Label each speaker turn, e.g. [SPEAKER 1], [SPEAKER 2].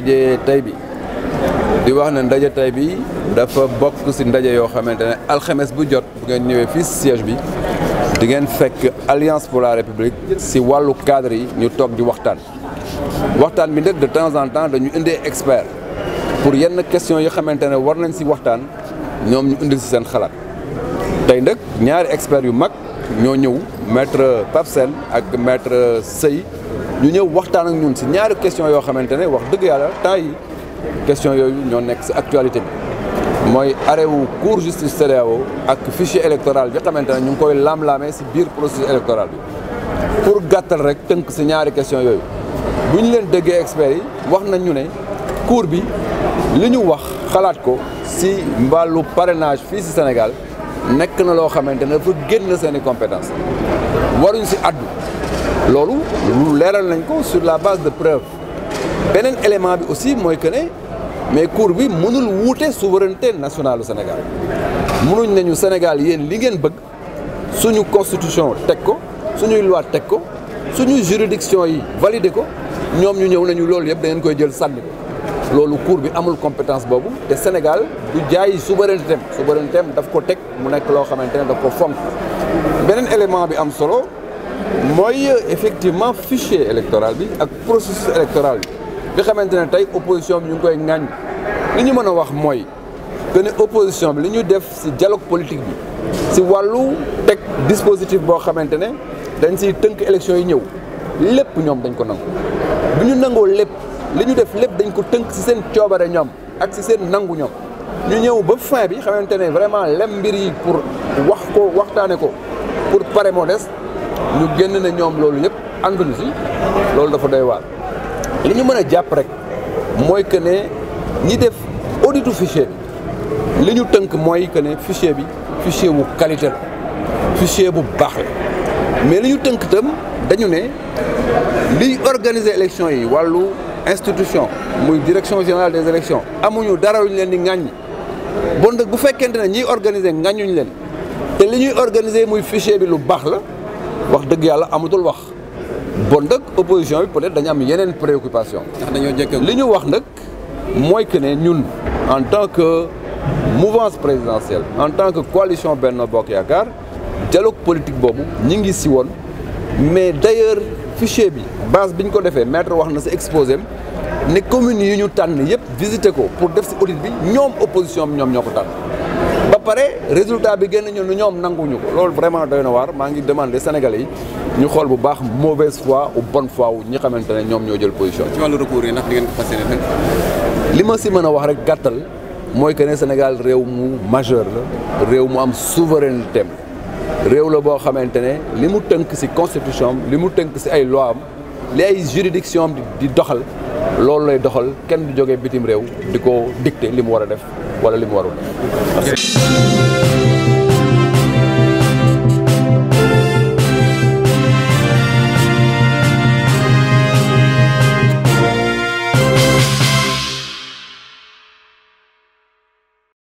[SPEAKER 1] ndaje tey bi di wax na ndaje tey bi dafa bokk ci ndaje yoo xamante ne alxames bu jot bu ngeen ñëwee fii siège bi di ngeen fekk alliance pour la république ci wàllu cadre yi ñu toog di waxtaan. waxtaan bi nag de temps en temps dañu indee expert pour yenn question yoo xamante ne war nañ ci waxtaan ñoom ñu indi ci seen xalaat tey nag ñaari expert yu mag ñoo ñëw maître Pape ak maître Sey ñu ñëw waxtaan ak ñun si ñaari question yoo xamante ne wax dëgg yàlla temps yi question yooyu ñoo nekk si actualité bi mooy arrêt wu cour justice CEDEAO ak fichier électoral bi xamante ne ñu ngi koy laam-laamee si biir processus électoral bi pour gàttal rek tënk si ñaari question yooyu bu ñu leen dëggee experts yi wax nañ ñu ne cour bi li ñu wax xalaat ko si mbàllu parrainage fii si Sénégal nekk na loo xamante ne génn seen i compétence waruñ si addu loolu lu leeral nañ ko sur la base de preuve beneen élément bi aussi mooy que ne mais cour bi mënul wuute souveraineté nationale du Sénégal mënuñ nañu Sénégal yéen li ngeen bëgg suñu constitution teg ko suñuy loi teg ko suñuy juridiction yi validé ko ñoom ñu ñëw nañu loolu yëpp da ngeen koy jël sànni ko loolu cour bi amul compétence boobu te Sénégal du jaay souveraineté am souveraineté am daf ko teg mu nekk loo xamante ne daf ko fonk beneen élément bi am solo mooy effectivement fichier électoral bi ak processus électoral bi bi xamante ne tey opposition bi ñu ngi koy ŋàññ li ñu mën a wax mooy que ne opposition bi li ñu def ci dialogue politique bi ci wàllu teg dispositif boo xamante ne dañ ciy tënk élection yi ñëw lépp ñoom dañ ko nangu bu ñu nangoo lépp li ñu def lépp dañ ko tënk ci seen coobare ñoom ak ci seen nangu ñoom ñu ñëw ba fin bi xamante ne vraiment lem mbir yi pour wax ko waxtaane ko pour pare moo des ñu génn ne ñoom loolu yëpp ànduñu si loolu dafa doy waar li ñu mën a jàpp rek mooy que ne ñi def auditu fichier li ñu tënk mooy que ne fichier bi fichier bu qualité la fichier bu baax la mais li ñu tënk tam dañu ne liy organiser élection yi wàllu institution muy direction générale des élections amuñu dara wuñ leen di ŋàññi bon nag bu fekkente ne ñiy organiser ŋàññuñu leen te li ñuy organiser muy fichier bi lu baax la wax dëgg yàlla amatul wax bon nag opposition bi peut dañu am yeneen préoccupation ndax dañoo jëkk li ñu wax nag mooy que ne ñun en tant que mouvance présidentielle en tant que coalition benn Bokk Yaakaar dialogue politique boobu ñi ngi si woon mais d'ailleurs fichier bi base bi ñu ko defee maître wax na si exposé ne communes yi ñu tànn yëpp visité ko pour def si audit bi ñoom opposition bi ñoom ñoo ko tànn pare résultat bi génn ñu lu ñoom nanguñu ko loolu vraiment doy na waar maa ngi demandé Sénégalais yi ñu xool bu baax mauvaise foi ou bon foi wu ñi xamante ne ñoom ñoo jël position. ci wàllu recours yi ndax di ngeen li ma si mën a wax rek gàttal mooy que ne Sénégal réew mu majeur la réew mu am souveraineté am réew la boo xamante ne li mu tënk si constitution li mu tënk si ay loi am li ay juridiction am di doxal loolu lay doxal kenn du joge bitim réew di ko dicté li mu war a def wala li